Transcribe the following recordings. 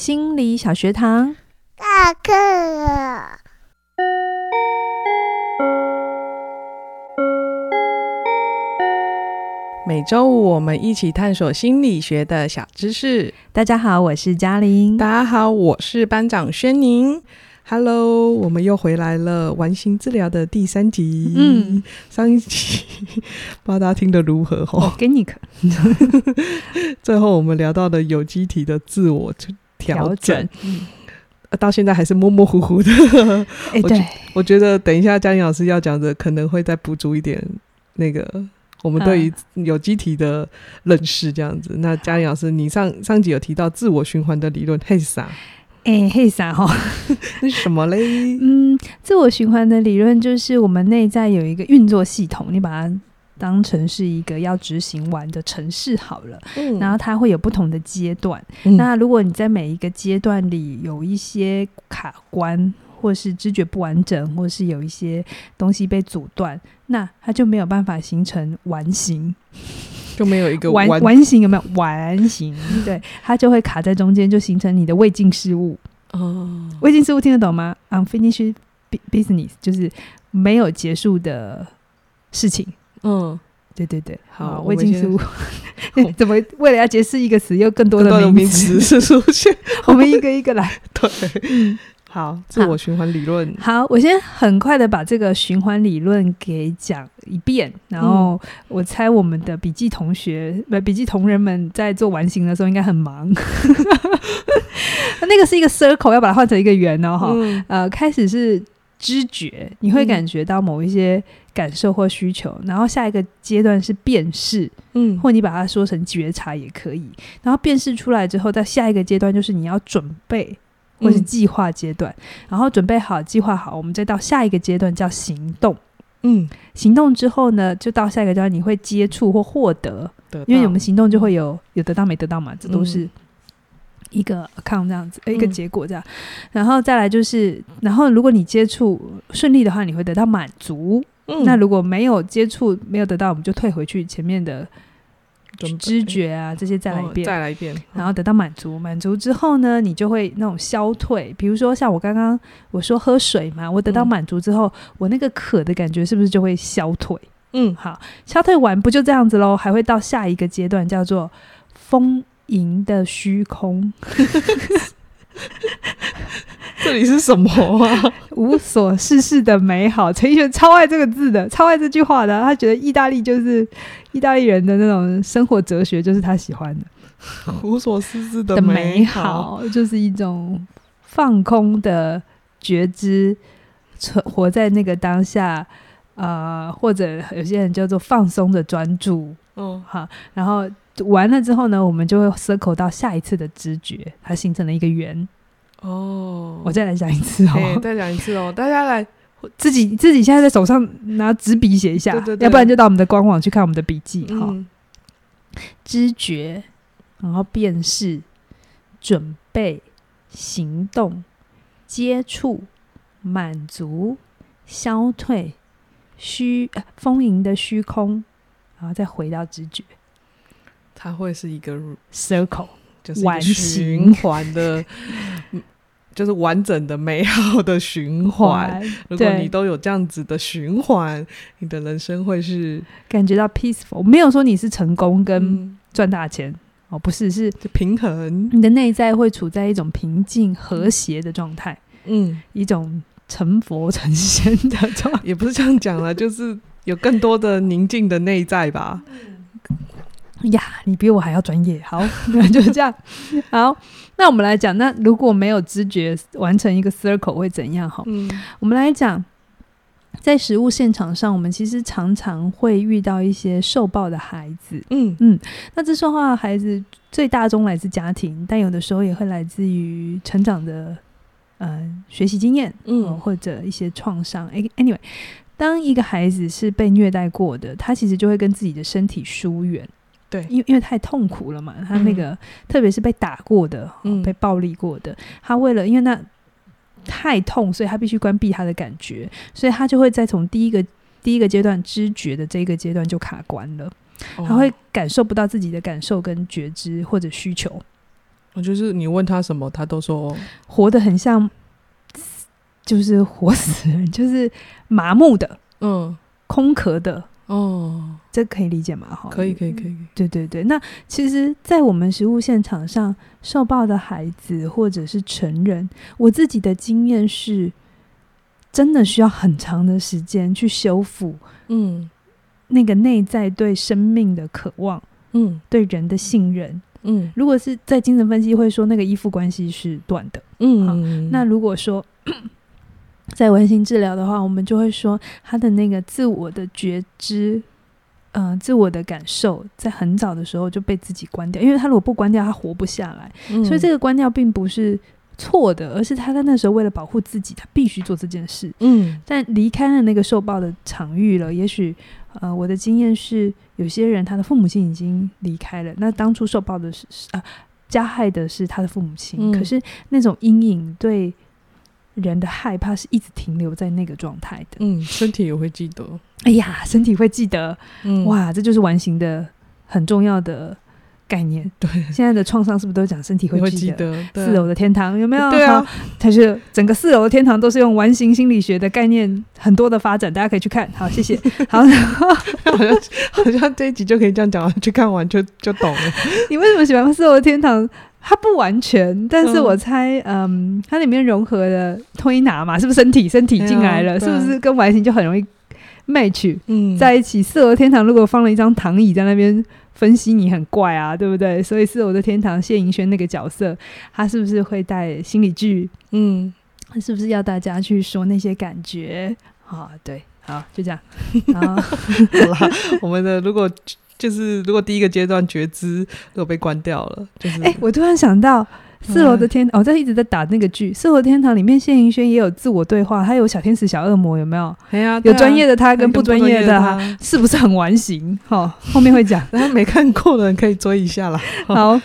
心理小學堂，下課哥每週五我們一起探索心理學的小知識。大家好，我是嘉玲。大家好，我是班長軒寧。Hello，我們又回來了。完形治療的第三集，嗯，上一集不知道大家聽得如何吼？哦，給你看。 最後我們聊到了有機體的自我。調整，嗯、到現在還是模模糊糊的。欸、對，我覺得等一下嘉玲老師要講的，可能會再補足一點那個我們對於有機體的認識。這樣子，嗯、那嘉玲老師，你上上集有提到自我循環的理論，嘿啥？哎、欸，嘿啥？哈，那什麼嘞？嗯，自我循環的理論就是我們內在有一個運作系統，你把它。當成是一個要執行完的程式，好了，嗯、然後它會有不同的階段。嗯、那如果你在每一個階段裡有一些卡關，或是知覺不完整，或是有一些東西被阻斷，那它就沒有辦法形成完形，就沒有一個完完，完形有沒有完形？對，它就會卡在中間，就形成你的未竟事物哦。未竟事物聽得懂嗎？unfinished business 就是沒有結束的事情。嗯，對對對，好，我已經輸，先 怎麼為了要解釋一個詞，又更多的名詞，更多名詞出現？ 我們一個一個來，對，好，好，自我循環理論好，好，我先很快的把這個循環理論給講一遍，然後我猜我們的筆記同學，不、嗯，筆記同仁們在做完形的時候應該很忙， 那個是一個 circle，要把它換成一個圓哦，哈、嗯，呃，開始是。知覺，你會感覺到某一些感受或需求，嗯、然後下一個階段是辨識，嗯，或你把它說成覺察也可以。然後辨識出來之後，在下一個階段就是你要準備或是計劃階段，嗯、然後準備好、計劃好，我們再到下一個階段叫行動，嗯，行動之後呢，就到下一個階段你會接觸或獲得，得到。因為我們行動就會有有得到沒得到嘛，這都是。嗯一個抗這樣子，一個結果這樣，嗯、然後再來就是，然後如果你接觸順利的話，你會得到滿足。嗯、那如果沒有接觸，沒有得到，我們就退回去前面的知覺啊備這些再來一遍，哦、再來一遍，嗯、然後得到滿足，滿足之後呢，你就會那種消退。比如說像我剛剛我說喝水嘛，我得到滿足之後，嗯、我那個渴的感覺是不是就會消退？嗯，好，消退完不就這樣子嘍？還會到下一個階段叫做封。贏的虛空， 這裡是什麼啊？無所事事的美好，陳奕迅超愛這個字的，超愛這句話的，啊。他覺得意大利，就是意大利人的那種生活哲學，就是他喜歡的。無所事事的美好，嗯、就是一種放空的覺知，嗯、活在那個當下啊，呃，或者有些人叫做放鬆的專注。嗯，好，啊，然後。完了之後呢，我們就會 circle 到下一次的知覺，它形成了一個圓。哦，oh. 我再來講一次哦，hey, 再講一次哦，大家來自己自己現在在手上拿紙筆寫一下， 對對對，要不然就到我們的官網去看我們的筆記哈。嗯哦、知覺，然後辨識、準備、行動、接觸、滿足、消退、虛、啊、豐盈的虛空，然後再回到知覺。它會是一個 circle，就是循環的完成、 嗯，就是完整的、美好的循環。Uh, 如果你都有這樣子的循環，對你的人生會是感覺到 peaceful。沒有說你是成功跟賺大錢、嗯、哦，不是，是平衡。你的內在會處在一種平靜和諧的狀態，嗯，一種成佛成仙的狀， 也不是這樣講了，就是有更多的寧靜的內在吧。呀，你比我還要專業。好，那就是這樣。 好，那我們來講，那如果沒有知覺完成一個 circle 會怎樣？哈、嗯，我們來講，在實務現場上，我們其實常常會遇到一些受暴的孩子。嗯嗯，那這受暴的孩子最大宗來自家庭，但有的時候也會來自於成長的、呃、學嗯學習經驗，嗯、哦，或者一些創傷。anyway，當一個孩子是被虐待過的，他其實就會跟自己的身體疏遠。對，因因為太痛苦了嘛，他那個特別是被打過的，嗯、哦，被暴力過的，他為了因為那太痛，所以他必須關閉他的感覺，所以他就會再從第一個第一個階段知覺的這個階段就卡關了，哦、他會感受不到自己的感受跟覺知或者需求。我就是你問他什麼，他都說、哦、活得很像，就是活死人，就是麻木的，嗯，空殼的。哦，oh, 這可以理解嗎？好，可以，可以，可以，對、嗯，對,對，對。那其實，在我們實務現場上，受暴的孩子或者是成人，我自己的經驗是，真的需要很長的時間去修復。嗯，那個內在對生命的渴望，嗯，對人的信任，嗯，如果是在精神分析會說，那個依附關係是斷的。嗯、啊，那如果說。 在完形治療的話，我們就會說他的那個自我的覺知，呃，自我的感受，在很早的時候就被自己關掉，因為他如果不關掉，他活不下來。嗯、所以這個關掉並不是錯的，而是他在那時候為了保護自己，他必須做這件事。嗯，但離開了那個受暴的場域了，也許呃，我的經驗是，有些人他的父母親已經離開了，那當初受暴的是啊、呃，加害的是他的父母親，嗯、可是那種陰影對。人的害怕是一直停留在那個狀態的。嗯，身體也會記得。哎呀，身體會記得。嗯，哇，這就是完形的很重要的概念。對，現在的創傷是不是都講身體會記得？記得，對啊，四樓的天堂有沒有？對啊，他就整個四樓的天堂都是用完形心理學的概念很多的發展，大家可以去看。好，謝謝。好，好像好像這一集就可以這樣講了，去看完就就懂了。你為什麼喜歡四樓的天堂？它不完全，但是我猜，嗯，嗯，它裡面融合的推拿嘛，是不是身體身體進來了，哎啊、是不是跟完形就很容易 match、嗯、在一起？四樓天堂，如果放了一張躺椅在那邊，分析你很怪啊，對不對？所以四樓的天堂謝盈萱那個角色，他是不是會帶心理劇？嗯，是不是要大家去說那些感覺？啊，對，好，就這樣。 好了，我們的如果。就是如果第一個階段覺知都被關掉了，就是誒、欸，我突然想到《四樓的天堂》oh yeah. 哦，我在一直在打那個劇《四樓天堂》裡面，謝盈萱也有自我對話，她有小天使、小惡魔，有沒有？啊啊、有專業的他跟不專業，業的他，他不的他是不是很完形？好、 哦，後面會講，然後 沒看過的人可以追一下啦。 好，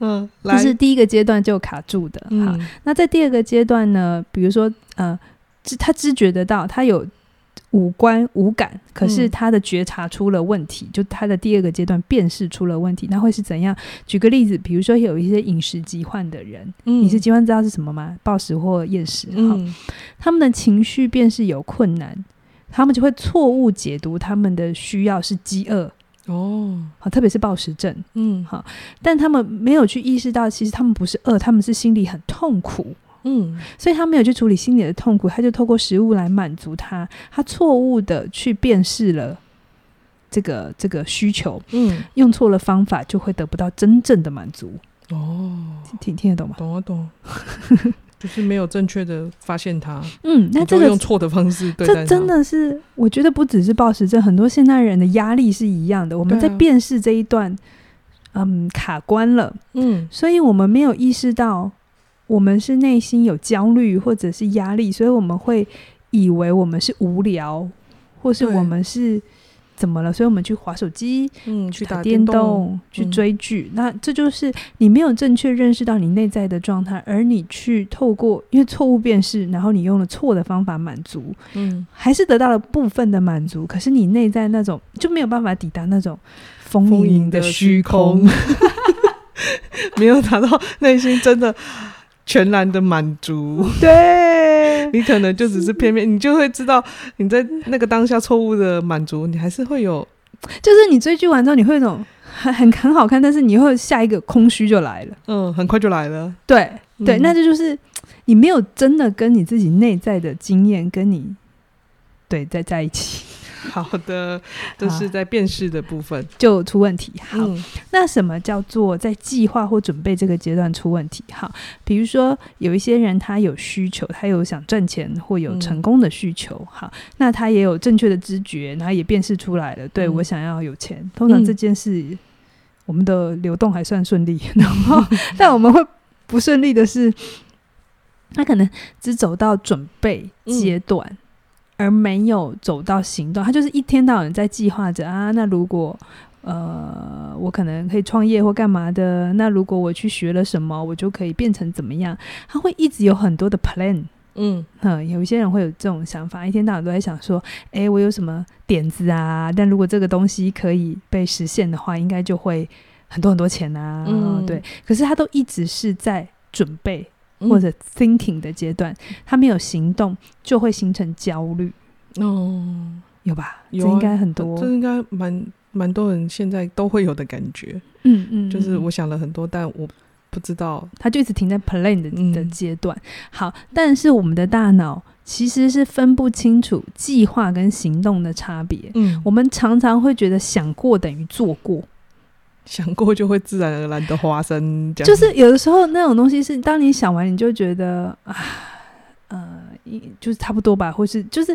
嗯，來這是第一個階段就卡住的。好，嗯、那在第二個階段呢？比如說，嗯、呃，知他知覺得到他有。五官無，無感，可是他的覺察出了問題，嗯、就他的第二個階段辨識出了問題，那會是怎樣？舉個例子，比如說有一些飲食疾患的人，飲食疾患知道是什麼嗎？暴食或厭食，哈、嗯，他們的情緒辨識有困難，他們就會錯誤解讀他們的需要是飢餓哦，好，特別是暴食症，嗯，好，但他們沒有去意識到，其實他們不是餓，他們是心裡很痛苦。嗯，所以他沒有去處理心理的痛苦，他就透過食物來滿足他。他錯誤的去辨識了這個這個需求，嗯，用錯了方法就會得不到真正的滿足。哦，聽聽得懂嗎？懂啊懂， 就是沒有正確的發現他。嗯，那這個就用錯的方式，對，這真的是我覺得不只是暴食症，很多現代人的壓力是一樣的。我們在辨識這一段，嗯，卡關了。嗯，所以我們沒有意識到。我們是內心有焦慮或者是壓力，所以我們會以為我們是無聊，或是我們是怎麼了？所以我們去滑手機，嗯，去打電動、電動、去追劇。嗯、那這就是你沒有正確認識到你內在的狀態，嗯、而你去透過因為錯誤辨識，然後你用了錯的方法滿足，嗯，還是得到了部分的滿足。可是你內在那種就沒有辦法抵達那種豐盈的虛空，空 沒有達到內心真的。全然的滿足，對 你可能就只是片面，你就會知道你在那個當下錯誤的滿足，你還是會有，就是你追劇完之後，你會有一種很很很好看，但是你會下一個空虛就來了，嗯，很快就來了，對對，那這就，就是、嗯、你沒有真的跟你自己內在的經驗跟你對在在一起。好的，這、就是在辨識的部分就出問題。好，嗯、那什麼叫做在計劃或準備這個階段出問題？哈，比如說有一些人他有需求，他有想賺錢或有成功的需求。嗯、好，那他也有正確的知覺，然後也辨識出來了，對、嗯、我想要有錢。通常這件事、嗯、我們的流動還算順利，然後、嗯、但我們會不順利的是，他可能只走到準備階段。嗯而沒有走到行動，他就是一天到晚在計劃着啊。那如果呃，我可能可以創業或幹嘛的？那如果我去學了什麼，我就可以變成怎麼樣？他會一直有很多的 plan 嗯。嗯，有一些人會有這種想法，一天到晚都在想說，哎、欸，我有什麼點子啊？但如果這個東西可以被實現的話，應該就會很多很多錢啊。嗯，對，可是他都一直是在準備。或者 thinking 的階段，嗯、他沒有行動，就會形成焦慮。哦、嗯，有吧？有、啊，這應該很多，啊、這應該蠻蠻多人現在都會有的感覺。嗯嗯，嗯，就是我想了很多，但我不知道，他就一直停在 plan 的、嗯、的階段。好，但是我們的大腦其實是分不清楚計劃跟行動的差別。嗯，我們常常會覺得想過等於做過。想過就會自然而然的發生，這樣。就是有的時候那種東西是，當你想完你就覺得啊，呃，一就是差不多吧，或是就是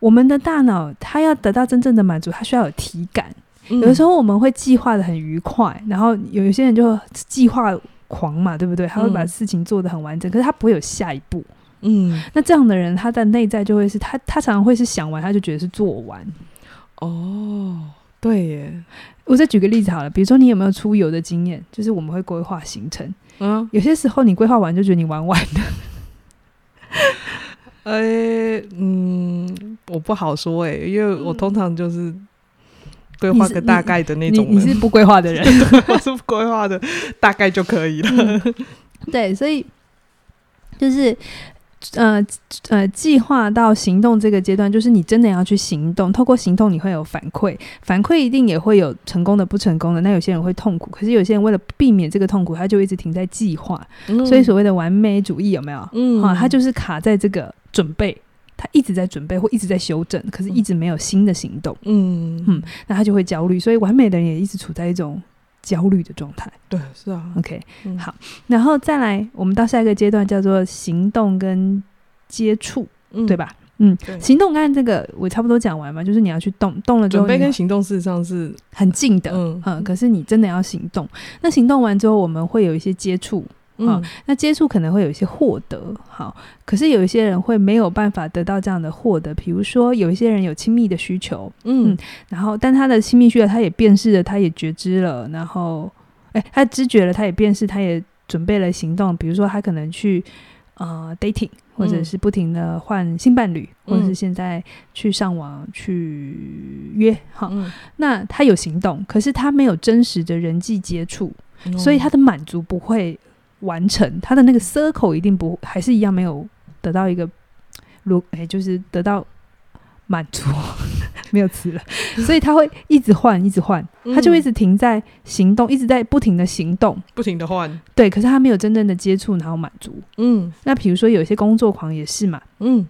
我們的大腦它要得到真正的滿足，它需要有體感。嗯、有的時候我們會計劃得很愉快，然後有些人就計劃狂嘛，對不對？他會把事情做得很完整，可是他不會有下一步。嗯，那這樣的人他的內在就會是他他常常會是想完他就覺得是做完。哦，對耶。我再舉個例子好了，比如說你有沒有出遊的經驗？就是我們會規劃行程。嗯，有些時候你規劃完就覺得你玩完了。呃、嗯，嗯，我不好說哎、欸，因為我通常就是規劃個大概的那種你你你，你是不規劃的人， 我是規劃的，大概就可以了。嗯、對，所以就是。呃呃，計劃到行動這個階段，就是你真的要去行動。透過行動，你會有反饋，反饋一定也會有成功的、不成功的。那有些人會痛苦，可是有些人為了避免這個痛苦，他就一直停在計劃。嗯、所以所謂的完美主義有沒有？嗯、啊，他就是卡在這個準備，他一直在準備或一直在修正，可是一直沒有新的行動。嗯嗯，那他就會焦慮。所以完美的人也一直處在一種。焦慮的狀態，對，是啊，OK，、嗯、好，然後再來，我們到下一個階段叫做行動跟接觸，嗯、對吧？嗯，對行動剛才這個我差不多講完嘛，就是你要去動，動了之後，準備跟行動事實上是、嗯、很近的，嗯，嗯，可是你真的要行動，那行動完之後，我們會有一些接觸。嗯，嗯，那接觸可能會有一些獲得，好，可是有一些人會沒有辦法得到這樣的獲得，比如說有一些人有親密的需求，嗯，嗯，然後但他的親密需要，他也辨識了，他也覺知了，然後哎、欸，他知覺了，他也辨識，他也準備了行動，比如說他可能去呃 dating，或者是不停的換新伴侶，嗯、或者是現在去上網去約，好，嗯、那他有行動，可是他沒有真實的人際接觸，嗯、所以他的滿足不會。完成他的那個 circle，一定不還是一樣沒有得到一個，如、欸、誒，就是得到滿足， 沒有詞了，所以他會一直換一直換，嗯、他就一直停在行動，一直在不停的行動，不停的換，對，可是他沒有真正的接觸然後滿足，嗯，那比如說有一些工作狂也是嘛，嗯，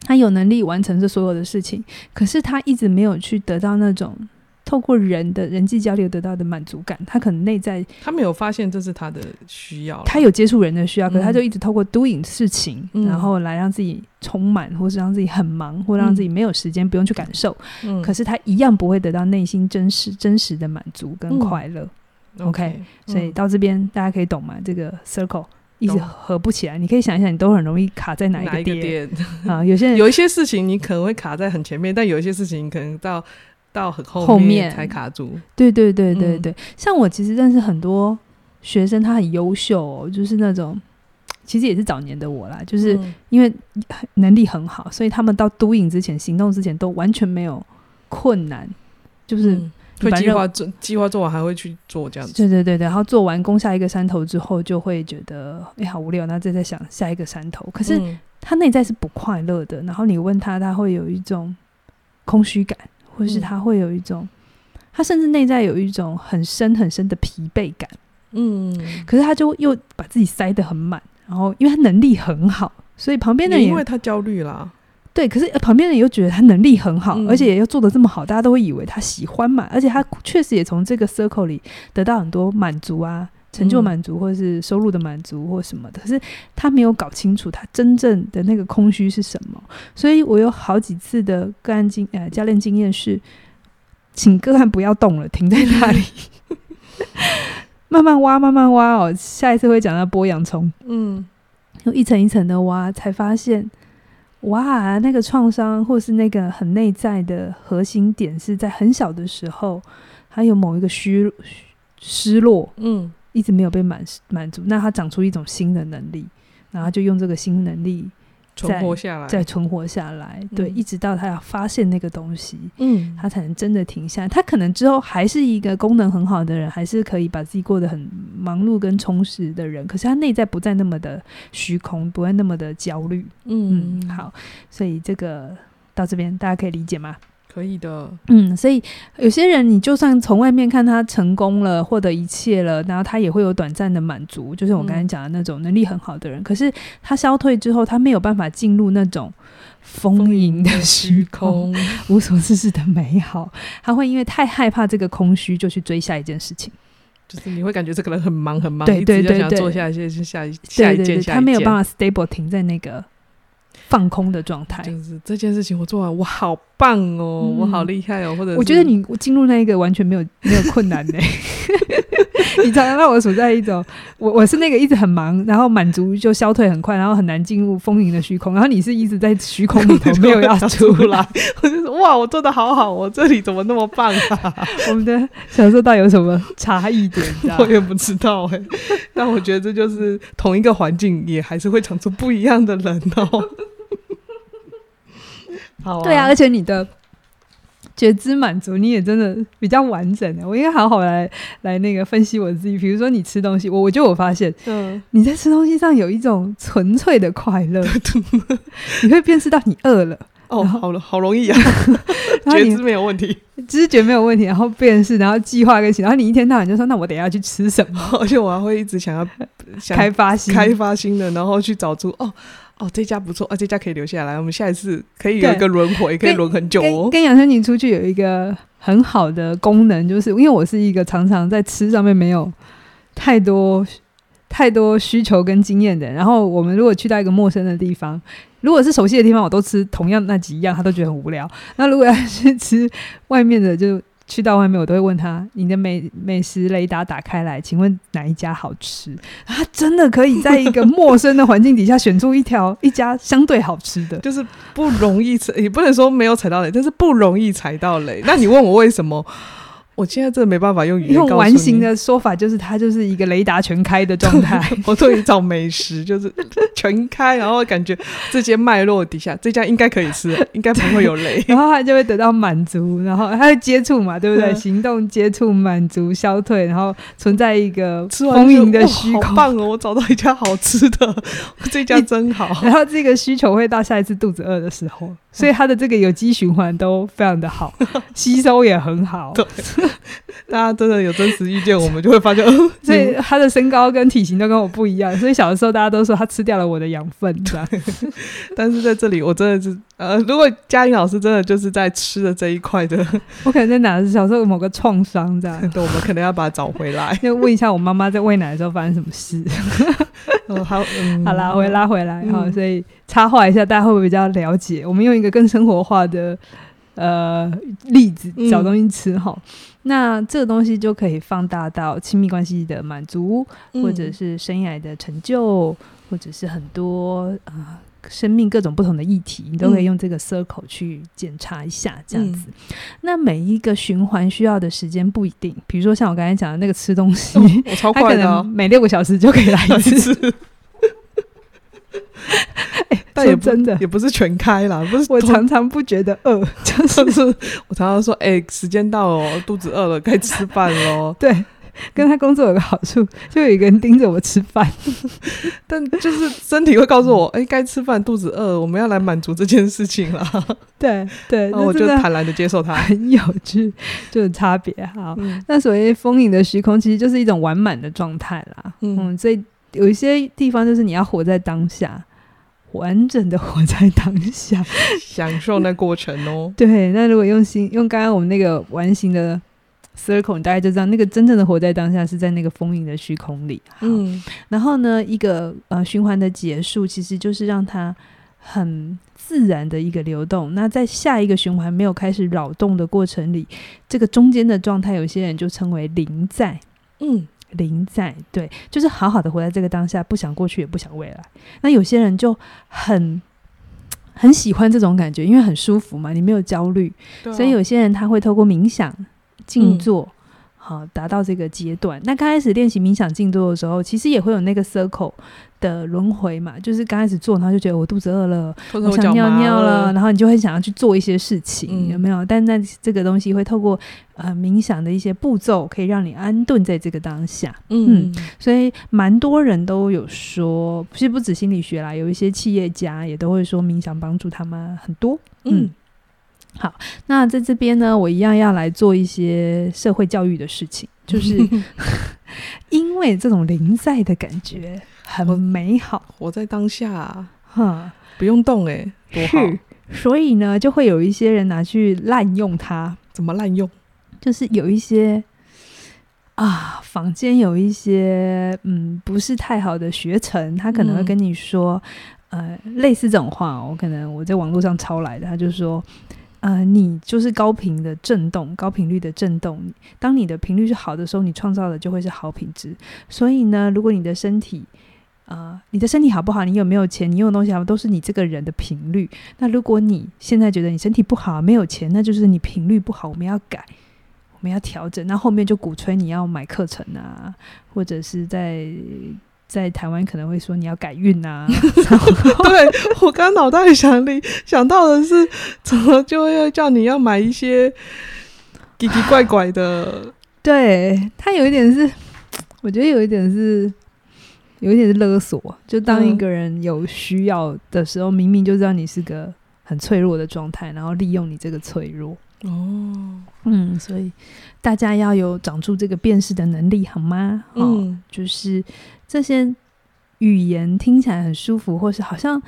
他有能力完成這所有的事情，可是他一直沒有去得到那種。透過人的人際交流得到的滿足感，他可能內在他沒有發現這是他的需要，他有接觸人的需要，可他就一直透過 doing 事情，然後來讓自己充滿，或是讓自己很忙，或讓自己沒有時間不用去感受。可是他一樣不會得到內心真實真實的滿足跟快樂。OK，所以到這邊大家可以懂嗎？這個 circle 一直合不起來，你可以想一想，你都很容易卡在哪一個點啊？有些人有一些事情你可能會卡在很前面，但有一些事情可能到。到很後面，後面才卡住，對對對對對、嗯。像我其實認識很多學生，他很優秀、哦，就是那種其實也是早年的我啦，就是因為能力很好，嗯、所以他們到 doing 之前、行動之前都完全沒有困難，就是反正、嗯、會計劃做，計劃做完還會去做這樣子。對對對對，然後做完攻下一個山頭之後，就會覺得哎、欸、好無聊，那再再想下一個山頭。可是他內在是不快樂的，然後你問他，他會有一種空虛感。或是他會有一種，嗯、他甚至內在有一種很深很深的疲憊感，嗯，可是他就又把自己塞得很滿，然後因為他能力很好，所以旁邊的人因為他焦慮了，對，可是旁邊的人又覺得他能力很好，嗯、而且又做得這麼好，大家都會以為他喜歡嘛，而且他確實也從這個 circle 裡得到很多滿足啊。成就滿足，或是收入的滿足，或什麼的，嗯、可是他沒有搞清楚他真正的那個空虛是什麼。所以我有好幾次的個案經呃教練經驗是，請個案不要動了，停在那裡，嗯、 慢慢挖，慢慢挖哦。下一次會講到剝洋蔥，嗯，一層一層的挖，才發現哇，那個創傷或是那個很內在的核心點是在很小的時候，他有某一個虛失落，嗯。一直沒有被滿滿足，那他長出一種新的能力，然後就用這個新能力存活下來，再存活下來，對，嗯，一直到他要發現那個東西，嗯，他才能真的停下來。他可能之後還是一個功能很好的人，還是可以把自己過得很忙碌跟充實的人，可是他內在不再那麼的虛空，不會那麼的焦慮。嗯，嗯，好，所以這個到這邊大家可以理解嗎？可以的，嗯，所以有些人，你就算從外面看他成功了，獲得一切了，然後他也會有短暫的滿足，就是我剛才講的那種能力很好的人，嗯、可是他消退之後，他沒有辦法進入那種豐盈的虛空、空無所事事的美好，他會因為太害怕這個空虛，就去追下一件事情，就是你會感覺這個人很忙很忙，對對對，做下一件，他沒有辦法 stable 停在那個。放空的狀態，就是這件事情我做完，我好棒哦，嗯、我好厲害哦，或者我覺得你進入那一個完全沒有沒有困難呢、欸。 你常常讓我處在一種，我我是那個一直很忙，然後滿足就消退很快，然後很難進入豐盈的虛空。然後你是一直在虛空裡頭， 沒有要出, 要出不來，我就說。哇！我做的好好，我這裡怎麼那麼棒、啊、 我們的小時候到底有什麼差異點？ 我也不知道哎、欸。 但我覺得這就是同一個環境，也還是會長出不一樣的人哦、喔。 啊對啊，而且你的覺知滿足，你也真的比較完整、啊。我應該好好來來那個分析我自己。比如說，你吃東西，我我就我發現，嗯，你在吃東西上有一種純粹的快樂， 你會辨識到你餓了。哦，好了，好容易啊！ 然後你 覺知沒有問題，知覺沒有問題，然後辨識，然後計劃跟行。然後你一天到晚就說：“那我等下去吃什麼？” 而且我還會一直想要想開發新開發新的，然後去找出哦哦這家不錯、哦，這家可以留下來。我們下一次可以有一個輪迴，對可以輪很久。哦。跟楊春寧出去有一個很好的功能，就是因為我是一個常常在吃上面沒有太多太多需求跟經驗的。然後我們如果去到一個陌生的地方。如果是熟悉的地方，我都吃同樣那幾樣，他都覺得很無聊。那如果要去吃外面的，就去到外面，我都會問他：“你的美美食雷達打開來，請問哪一家好吃？”他、啊、真的可以在一個陌生的環境底下選出一條 一家相對好吃的，就是不容易踩，也不能說沒有踩到雷，但是不容易踩到雷。那你問我為什麼？ 我現在真的沒辦法用語言告訴你，用完形的說法，就是它就是一個雷達全開的狀態。 我最近找美食就是全開，然後感覺這些脈絡底下這家應該可以吃，應該不會有雷。然後它就會得到滿足，然後它會接觸嘛，對不對？ 行動、接觸、滿足、消退，然後存在一個豐盈的虛空。哦棒哦，我找到一家好吃的，這家真好。然後這個需求會到下一次肚子餓的時候。所以他的這個有機循環都非常的好， 吸收也很好。對 大家真的有真實意見，我們就會發現。 所以他的身高跟體型都跟我不一樣。所以小的時候大家都說他吃掉了我的養分，這樣。但是在這裡，我真的是呃，如果嘉玲老師真的就是在吃的這一塊的，我可能在哪小時候有某個創傷這樣， 對，我們可能要把它找回來。要 問一下我媽媽在餵奶的時候發生什麼事。 哦、好，嗯、好了，我會拉回來。好、嗯哦，所以。插話一下，大家會不會比較了解？我們用一個更生活化的呃例子，找東西吃哈、嗯，那這個東西就可以放大到親密關係的滿足，嗯、或者是生涯的成就，或者是很多啊、呃、生命各種不同的議題，你都可以用這個 circle 去檢查一下這樣子。嗯、那每一個循環需要的時間不一定，比如說像我剛才講的那個吃東西，哦、我超快的、哦、它可能的，每六個小時就可以來一次。 但也不真的也不是全開了，不是。我常常不覺得餓， 就是我常常說：“哎、 欸，時間到了、喔，肚子餓了，該吃飯嘍。” 對，跟他工作有個好處， 就有一個人盯着我吃飯， 但就是身體會告訴我：“哎、欸，該吃飯，肚子餓，我們要來滿足這件事情了。 對”對對，然後我就坦然的接受它。很有趣，就是差別哈。好嗯、那所謂“豐盈的虛空”，其實就是一種完滿的狀態啦。嗯,嗯，所以有一些地方就是你要活在當下。完整的活在當下，享受那過程哦。 對，那如果用心用剛剛我們那個完形的 circle，大家就知道，那個真正的活在當下是在那個豐盈的虛空裡。好嗯，然後呢，一個呃循環的結束，其實就是讓它很自然的一個流動。那在下一個循環沒有開始擾動的過程裡，這個中間的狀態，有些人就稱為臨在。嗯。臨在，對，就是好好的活在這個當下，不想過去，也不想未來。那有些人就很很喜歡這種感覺，因為很舒服嘛，你沒有焦慮，啊、所以有些人他會透過冥想、靜坐。嗯好，達到這個階段。那剛開始練習冥想靜坐的時候，其實也會有那個 circle 的輪迴嘛，就是剛開始做，然後就覺得我肚子餓了，我，我想尿尿了，然後你就會想要去做一些事情，嗯、有沒有？但那這個東西會透過呃冥想的一些步驟，可以讓你安頓在這個當下。嗯，嗯，所以蠻多人都有說，其實不止心理學啦，有一些企業家也都會說冥想幫助他們很多。嗯。嗯好，那在這邊呢，我一樣要來做一些社會教育的事情，就是 因為這種臨在的感覺很美好，嗯、活在當下，哈、嗯，不用動、欸、多好。是，所以呢，就會有一些人拿去濫用它。怎麼濫用？就是有一些啊，坊間有一些嗯，不是太好的學程，他可能會跟你說，嗯、呃，類似這種話，我可能我在網絡上抄來的，他就說。呃，你就是高頻的震動，高頻率的震動。當你的頻率是好的時候，你創造的就會是好品質。所以呢，如果你的身體，呃，你的身體好不好？你有沒有錢？你用的東西好不好，都是你這個人的頻率。那如果你現在覺得你身體不好，沒有錢，那就是你頻率不好，我們要改，我們要調整。那後面就鼓吹你要買課程啊，或者是在。在台灣可能會說你要改運吶，對我剛腦袋裡想想到的是怎麼就要叫你要買一些奇奇怪，怪怪的，對他有一點是，我覺得有一點是，有一點是勒索，就當一個人有需要的時候，嗯、明明就知道你是個很脆弱的狀態，然後利用你這個脆弱哦，嗯，所以大家要有長出這個辨識的能力好嗎？哦、嗯，就是。這些語言聽起來很舒服，或是好像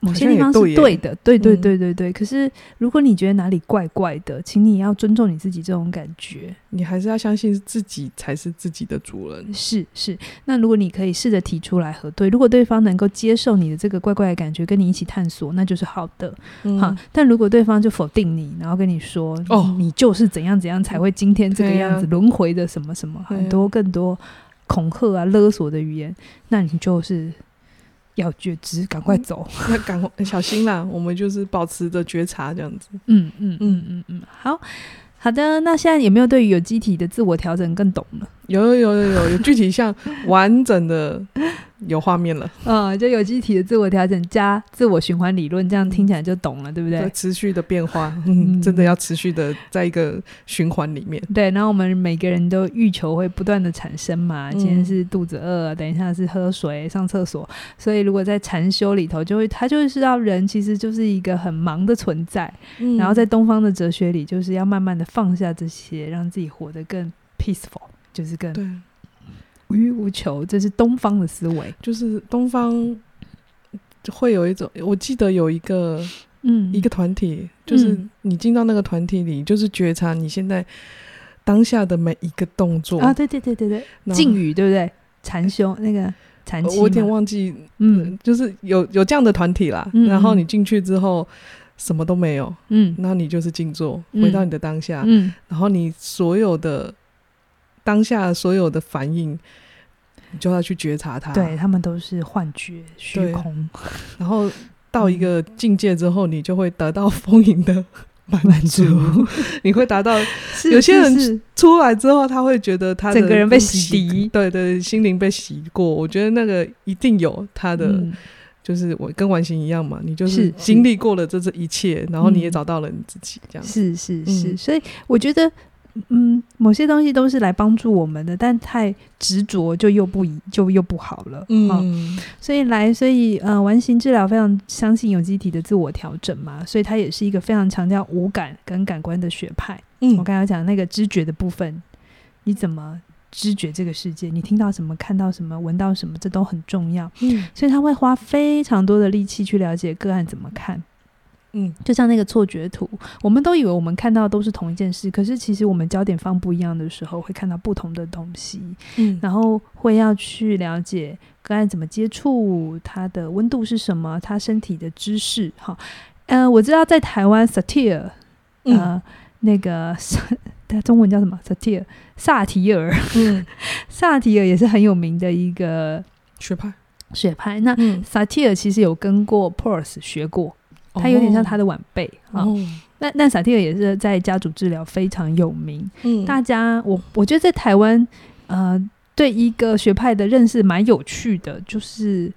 某些地方是對的，對對對對對。嗯、可是，如果你覺得哪裡怪怪的，請你要尊重你自己這種感覺。你還是要相信自己才是自己的主人。是是。那如果你可以試着提出來核對，如果對方能夠接受你的這個怪怪的感覺，跟你一起探索，那就是好的。好、嗯，但如果對方就否定你，然後跟你說：“哦，你就是怎樣怎樣才會今天這個樣子，輪回的什麼什麼、嗯、很多更多。”恐嚇啊、勒索的語言，那你就是要覺知，趕快走，趕快、嗯、小心啦！ 我們就是保持着覺察這樣子。嗯嗯嗯嗯嗯，好好的。那現在有沒有對於有機體的自我調整更懂了？有有有有有，有具體像 完整的。 有畫面了，嗯，就有機體的自我調整加自我循環理論，這樣聽起來就懂了，對不對？嗯、持續的變化，嗯嗯、真的要持續的在一個循環裡面。對，然後我們每個人都欲求會不斷的產生嘛，嗯、今天是肚子餓，等一下是喝水、上廁所，所以如果在禪修裡頭，就會他就會知道，人其實就是一個很忙的存在，嗯、然後在東方的哲學裡，就是要慢慢的放下這些，讓自己活得更 peaceful，就是更。無慾無求，這是東方的思維。就是東方會有一種，我記得有一個，嗯，一個團體，就是你進到那個團體裡，嗯、就是覺察你現在當下的每一個動作啊，對對對對對，禁語，後對不對？禪修那個禪，我有點忘記，嗯，嗯，就是有有這樣的團體啦。嗯嗯然後你進去之後，什麼都沒有，嗯，那你就是靜坐，回到你的當下，嗯，然後你所有的。當下所有的反應，你就要去覺察它。對他們都是幻覺、虛空。然後到一個境界之後，嗯、你就會得到豐盈的滿足。足 你會達到，是是是，有些人出來之後，他會覺得他整個人被洗，對對，心靈被洗過。我覺得那個一定有他的，嗯、就是我跟完形一樣嘛。你就是經歷過了這這一切，嗯、然後你也找到了你自己。這樣是是是，嗯、所以我覺得。嗯嗯，某些東西都是來幫助我們的，但太執着就又不就又不好了。嗯、哦，所以來，所以呃，完形治療非常相信有機體的自我調整嘛，所以它也是一個非常強調五感跟感官的學派。嗯，我剛剛講那個知覺的部分，你怎麼知覺這個世界？你聽到什麼？看到什麼？聞到什麼？這都很重要。嗯，所以他會花非常多的力氣去了解個案怎麼看。嗯，就像那個錯覺圖，我們都以為我們看到都是同一件事，可是其實我們焦點放不一樣的時候，會看到不同的東西。嗯，然後會要去了解個案怎麼接觸他的溫度是什麼，他身體的姿勢。哈，嗯、呃，我知道在台灣薩提爾，呃，嗯、那個他中文叫什麼？薩提爾，薩提爾，薩提爾也是很有名的一個學派。學派那薩提爾其實有跟過 Perls 學過。他有點像他的晚輩啊、哦哦哦哦哦，那那薩提爾也是在家族治療非常有名。嗯、大家我我覺得在台灣，呃，對一個學派的認識蠻有趣的，就是，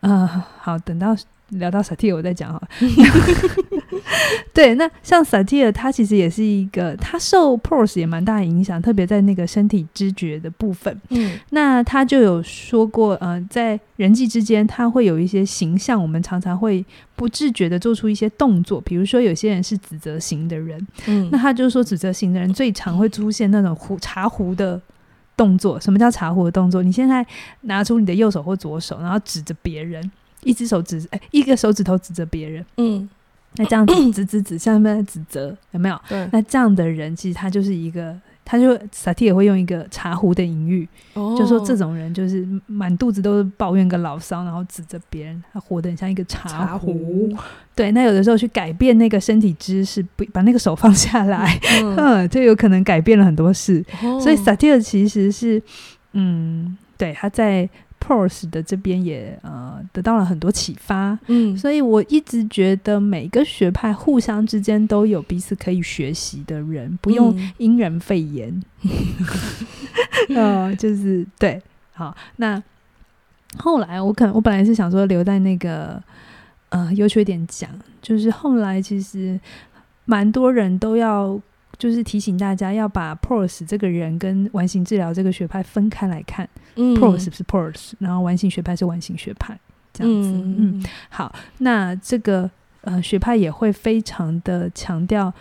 呃，好，等到。聊到薩提爾，我再講哈。 對，那像薩提爾，他其實也是一個，他受 Perls 也蠻大影響，特別在那個身體知覺的部分。嗯，那他就有說過，嗯、呃，在人際之間，他會有一些形象，我們常常會不自覺的做出一些動作。比如說，有些人是指責型的人，嗯、那他就說指責型的人最常會出現那種壺茶壺的動作。什麼叫茶壺的動作？你現在拿出你的右手或左手，然後指着別人。一隻手指，誒、欸，一個手指頭指着別人，嗯，那這樣子指指指，指，像在指責，有沒有？對那這樣的人其實他就是一個，他就薩提爾會用一個茶壺的隱喻，哦、就說這種人就是滿肚子都是抱怨跟牢騷，然後指着別人，他活得很像一個茶壺。茶壺對，那有的時候去改變那個身體姿勢，不把那個手放下來，嗯， 嗯，就有可能改變了很多事。哦、所以薩提爾其實是，嗯，對，他在。r s e 的這邊也呃得到了很多啟發，嗯、所以我一直覺得每個學派互相之間都有彼此可以學習的人，不用因人廢言，哦、嗯 呃，就是對，好，那後來我可能我本來是想說留在那個呃優缺點講，就是後來其實蠻多人都要。就是提醒大家要把 Pors 這個人跟完形治療這個學派分開來看。嗯、Pors 是 Pors，然後完形學派是完形學派，這樣子。嗯，嗯，嗯，嗯，好，那這個呃學派也會非常的強調，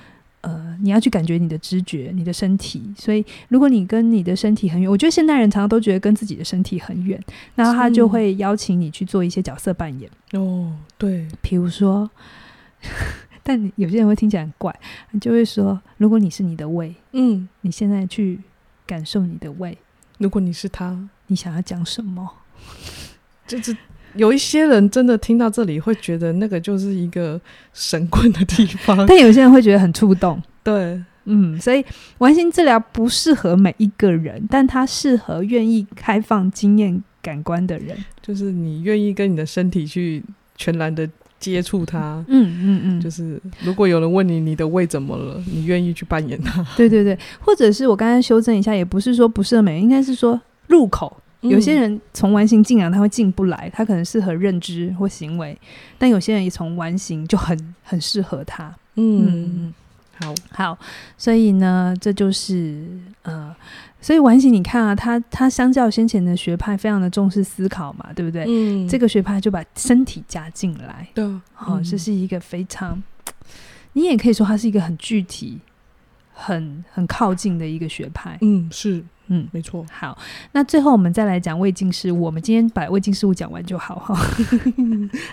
呃，你要去感覺你的知覺、你的身體。所以，如果你跟你的身體很遠，我覺得現代人常常都覺得跟自己的身體很遠，那他就會邀請你去做一些角色扮演。嗯、哦，對，譬如說。但有些人會聽起來很怪，就會說：如果你是你的胃，嗯，你現在去感受你的胃。如果你是他，你想要講什麼？ 就是有一些人真的聽到這裡會覺得那個就是一個神棍的地方， 但有些人會覺得很觸動。對，嗯，所以完形治療不適合每一個人，但它適合願意開放經驗感官的人，就是你願意跟你的身體去全然的。接觸他，嗯嗯嗯，嗯嗯就是如果有人問你你的胃怎麼了，你願意去扮演他？對對對，或者是我剛才修正一下，也不是說不適合每個人，應該是說入口，嗯、有些人從完形進來他會進不來，他可能適合認知或行為，但有些人一從完形就很很適合他。嗯，嗯好好，所以呢，這就是呃。所以完形你看啊，他他相較先前的學派，非常的重視思考嘛，對不對？嗯、這個學派就把身體加進來，對、嗯，好、哦，這、就是一個非常，嗯、你也可以說它是一個很具體、很很靠近的一個學派。嗯，是。嗯，沒錯。好，那最後我們再來講未竟事物，我們今天把未竟事物講完就好哈。呵呵，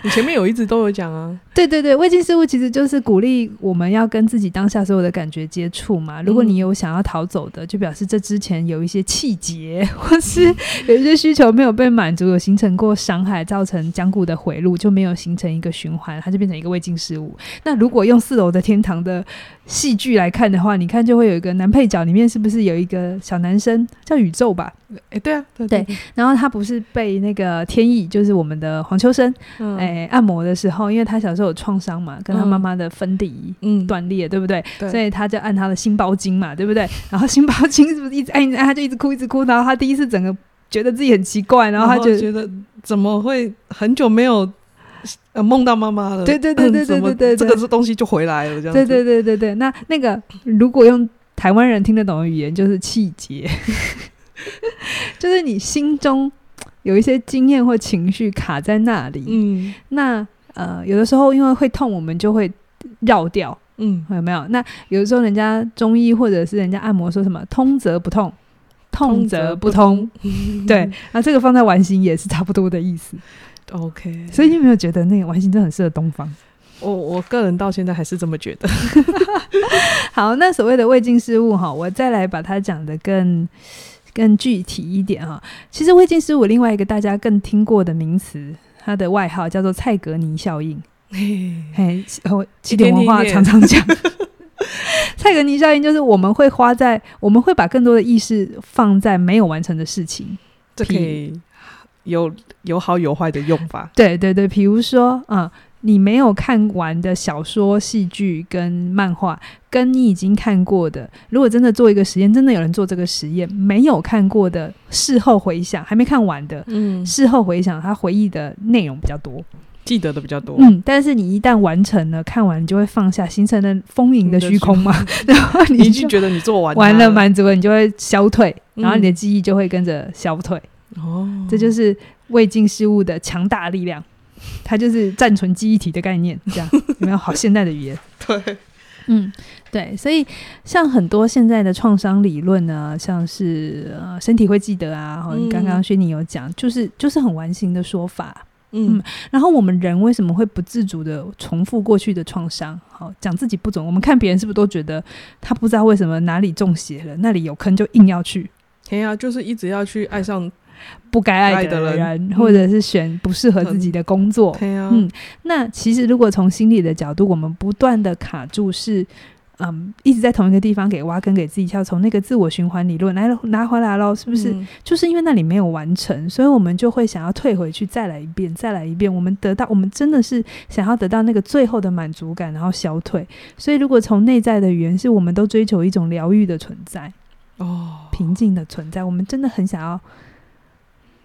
你前面有一直都有講啊。 對對對，未竟事物其實就是鼓勵我們要跟自己當下所有的感覺接觸嘛。如果你有想要逃走的，就表示這之前有一些氣節，或是有一些需求沒有被滿足，有形成過傷害，造成僵固的回路，就沒有形成一個循環，它就變成一個未竟事物。那如果用四樓的天堂的戲劇來看的話，你看就會有一個男配角裡面是不是有一個小男生？叫宇宙吧，哎、欸，對啊，對，對，對，對，對，然後他不是被那個天意，就是我們的黃秋生，哎、嗯欸，按摩的時候，因為他小時候有創傷嘛，跟他媽媽的分離嗯斷裂，嗯嗯、對不對？對，所以他就按他的心包經嘛，對不對？然後心包經是不是一直哎、欸，他就一直哭，一直哭，然後他第一次整個覺得自己很奇怪，然後他就覺，覺得怎麼會很久沒有呃夢到媽媽了？對對對對對對，這個是東西就回來了，這樣。對對，對對對對對，那那個如果用。 台灣人聽得懂的語言就是氣結， 就是你心中有一些經驗或情緒卡在那裡。嗯，那呃，有的時候因為會痛，我們就會繞掉。嗯，有沒有？那有的時候人家中醫或者是人家按摩說什麼“通則不痛，痛則不通”，通則不通 對，那這個放在完形也是差不多的意思。OK，所以你有沒有覺得那個完形真的很適合東方？我我個人到現在還是這麼覺得。 好，那所謂的未竟事物哈，我再來把它講得更更具體一點哈。其實未竟事物另外一個大家更聽過的名詞，它的外號叫做蔡格尼效應。 嘿，我、呃、啟點文化常常講，一點點 蔡格尼效應就是我們會花在，我們會把更多的意識放在沒有完成的事情。這可以有有好有壞的用法。對對對，比如說啊。嗯你沒有看完的小說、戲劇跟漫畫，跟你已經看過的，如果真的做一個實驗，真的有人做這個實驗，沒有看過的事後回想，還沒看完的，嗯、事後回想他回憶的內容比較多，記得的比較多，嗯。但是你一旦完成了看完，你就會放下，形成了豐盈的虛空嘛。嗯、空 然後你就覺得你做完完了滿足了，你就會消退，嗯、然後你的記憶就會跟着消退。哦，這就是未竟事物的強大的力量。它就是暫存記憶體的概念，這樣 有沒有好現代的語言。對，嗯，對，所以像很多現在的創傷理論呢，像是，呃、身體會記得啊，好，哦，剛剛薛寧有講，嗯就是，就是就是很完形的說法。嗯，嗯，然後我們人為什麼會不自主的重複過去的創傷？好，哦，講自己不準。我們看別人是不是都覺得他不知道為什麼哪裡中邪了，那裡有坑就硬要去，天啊，就是一直要去愛上，嗯。不該愛的人，的人或者是選不適合自己的工作。嗯，那其實如果從心理的角度，我們不斷的卡住是，是嗯一直在同一個地方給挖坑，給自己跳，從那個自我循環理論來拿，拿回來了，是不是？嗯、就是因為那裡沒有完成，所以我們就會想要退回去再來一遍，再來一遍。我們得到，我們真的是想要得到那個最後的滿足感，然後消退。所以，如果從內在的語言是我們都追求一種療癒的存在哦，平靜的存在，我們真的很想要。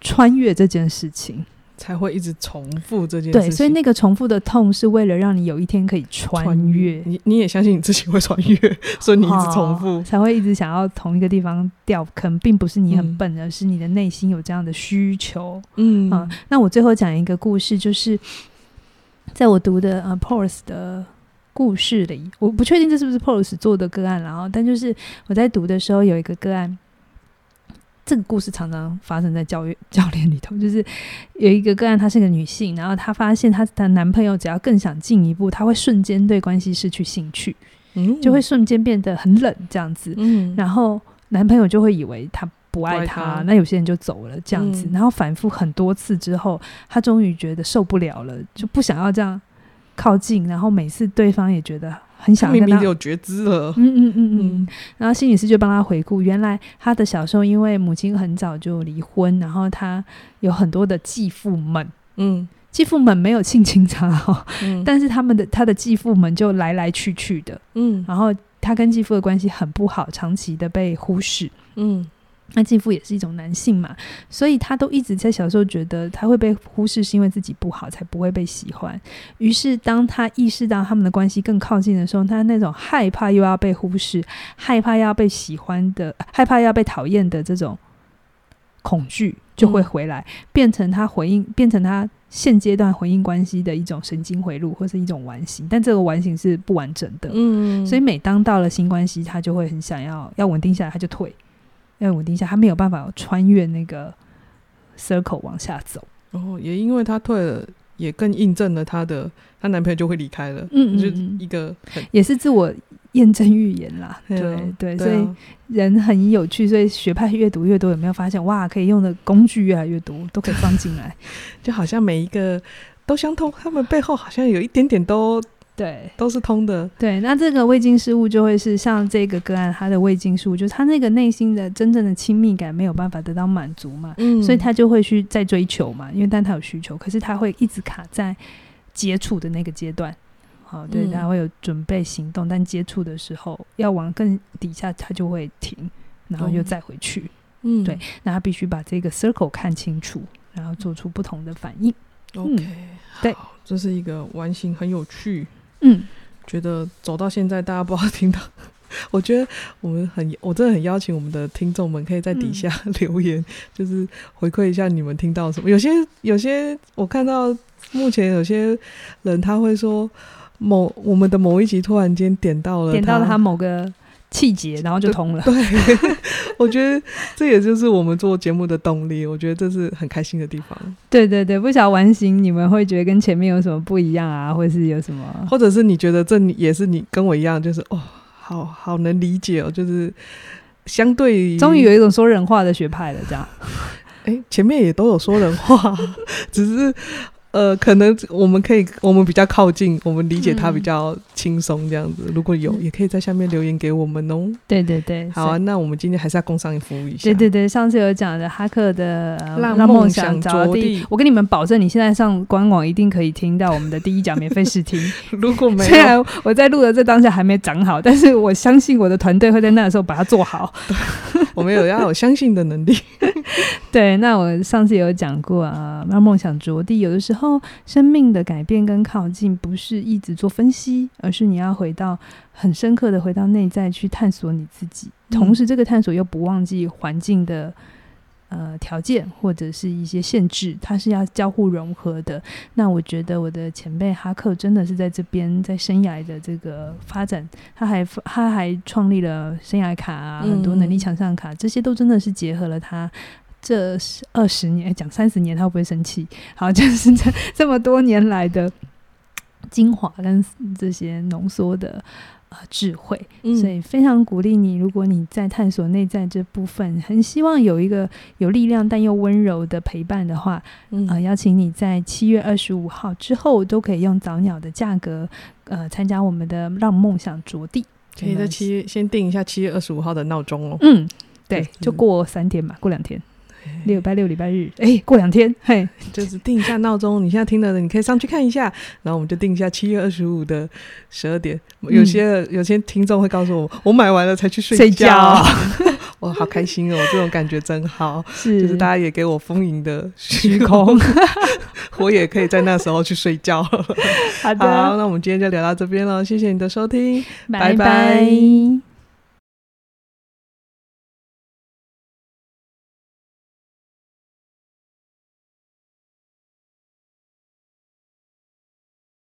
穿越這件事情，才會一直重複這件事，對，所以那個重複的痛是為了讓你有一天可以穿越。穿越你，你也相信你自己會穿越，所以你一直重複、哦、才會一直想要同一個地方掉坑，並不是你很笨，而、嗯、是你的內心有這樣的需求。嗯啊，那我最後講一個故事，就是在我讀的呃 Perls 的故事裡，我不確定這是不是 Perls 做的個案、哦，然後但就是我在讀的時候有一個個案。這個故事常常發生在教育教練裡頭，就是有一個個案，她是個女性，然後她發現她的男朋友只要更想進一步，她會瞬間對關係失去興趣，嗯、就會瞬間變得很冷這樣子，嗯、然後男朋友就會以為她不愛她，愛她那有些人就走了這樣子，嗯、然後反覆很多次之後，她終於覺得受不了了，就不想要這樣靠近，然後每次對方也覺得。很想，明明有覺知了。嗯嗯嗯嗯，嗯、然後心理師就幫他回顧，嗯、原來他的小時候，因為母親很早就離婚，然後他有很多的繼父們。嗯，繼父們沒有性侵他，嗯、但是他們的他的繼父們就來來去去的。嗯，然後他跟繼父的關係很不好，長期的被忽視。嗯。嗯那繼父也是一種男性嘛，所以他都一直在小時候覺得他會被忽視，是因為自己不好才不會被喜歡。於是，當他意識到他們的關係更靠近的時候，他那種害怕又要被忽視、害怕要被喜歡的、害怕要被討厭的這種恐懼就會回來，嗯、變成他回應、變成他現階段回應關係的一種神經迴路或是一種完形。但這個完形是不完整的，嗯嗯，所以每當到了新關係，他就會很想要要穩定下來，他就退。要穩定一下，他沒有辦法有穿越那個 circle 往下走。然後、哦、也因為他退了，也更印證了她的她男朋友就會離開了。嗯，嗯嗯，就是一個也是自我驗證預言啦。對、嗯、對，對嗯、所以人很有趣，所以學派越讀越多，有沒有發現哇？可以用的工具越來越多，都可以放進來， 就好像每一個都相通，他們背後好像有一點點都。對，都是通的。對，那這個未竟事物就會是像這個個案，他的未竟事物就是他那個內心的真正的親密感沒有辦法得到滿足嘛，嗯、所以他就會去再追求嘛，因為但他有需求，可是他會一直卡在接觸的那個階段，好、哦，對，他會有準備行動，嗯、但接觸的時候要往更底下，他就會停，然後又再回去，嗯，對，那他必須把這個 circle 看清楚，然後做出不同的反應。嗯、OK，對，這是一個完形，很有趣。嗯，覺得走到現在，大家不好聽到，我覺得我們很，我真的很邀請我們的聽眾們，可以在底下留言，嗯、就是回饋一下你們聽到什麼。有些有些，我看到目前有些人他會說某我們的某一集突然間點到了，點到了他某個。氣節，然後就通了對。對，我覺得這也就是我們做節目的動力。 我覺得這是很開心的地方。對對對，不曉得完形，你們會覺得跟前面有什麼不一樣啊，或是有什麼？或者是你覺得這也是你跟我一樣，就是哦，好好能理解哦，就是相對於，終於有一種說人話的學派了。這樣，哎、欸，前面也都有說人話， 只是。呃，可能我們可以，我們比較靠近，我們理解他比較輕鬆這樣子。嗯、如果有，也可以在下面留言給我們哦、喔。對對對，好、啊，以那我們今天還是要工商服務一下。對對對，上次有講的哈克的讓夢想着地，地我跟你們保證，你現在上官網一定可以聽到我們的第一講免費試聽。 如果沒有，雖然我在錄的這當下還沒長好，但是我相信我的團隊會在那個時候把它做好。 我們有要有相信的能力。 對，那我上次也有講過啊，讓夢想着地。有的時候，生命的改變跟靠近，不是一直做分析，而是你要回到很深刻的，回到內在去探索你自己。同時，這個探索又不忘記環境的。呃，條件或者是一些限制，它是要交互融合的。那我覺得我的前輩哈克真的是在這邊，在生涯的這個發展，他還他還創立了生涯卡啊，嗯、很多能力強項卡，這些都真的是結合了他這二十年講三十年，欸、年他會不會生氣？好，就是這這麼多年來的精華跟這些濃縮的。呃，智慧，嗯、所以非常鼓勵你。如果你在探索內在這部分，很希望有一個有力量但又溫柔的陪伴的話，嗯、呃，邀請你在七月二十五號之後都可以用早鳥的價格，呃，參加我們的“讓夢想着地”。可以在七月，先定一下七月二十五號的鬧鐘哦。嗯，對，嗯、就過三天吧，過兩天。禮拜六禮拜日，哎，過兩天，嘿，就是定一下鬧鐘。你現在聽到的，你可以上去看一下。然後我們就定一下七月二十五的十二點。有些有些聽眾會告訴我，我買完了才去睡覺。我好開心哦，這種感覺真好。是，就是大家也給我豐盈的時空，我也可以在那時候去睡覺。好的，那我們今天就聊到這邊了，謝謝你的收聽，拜拜。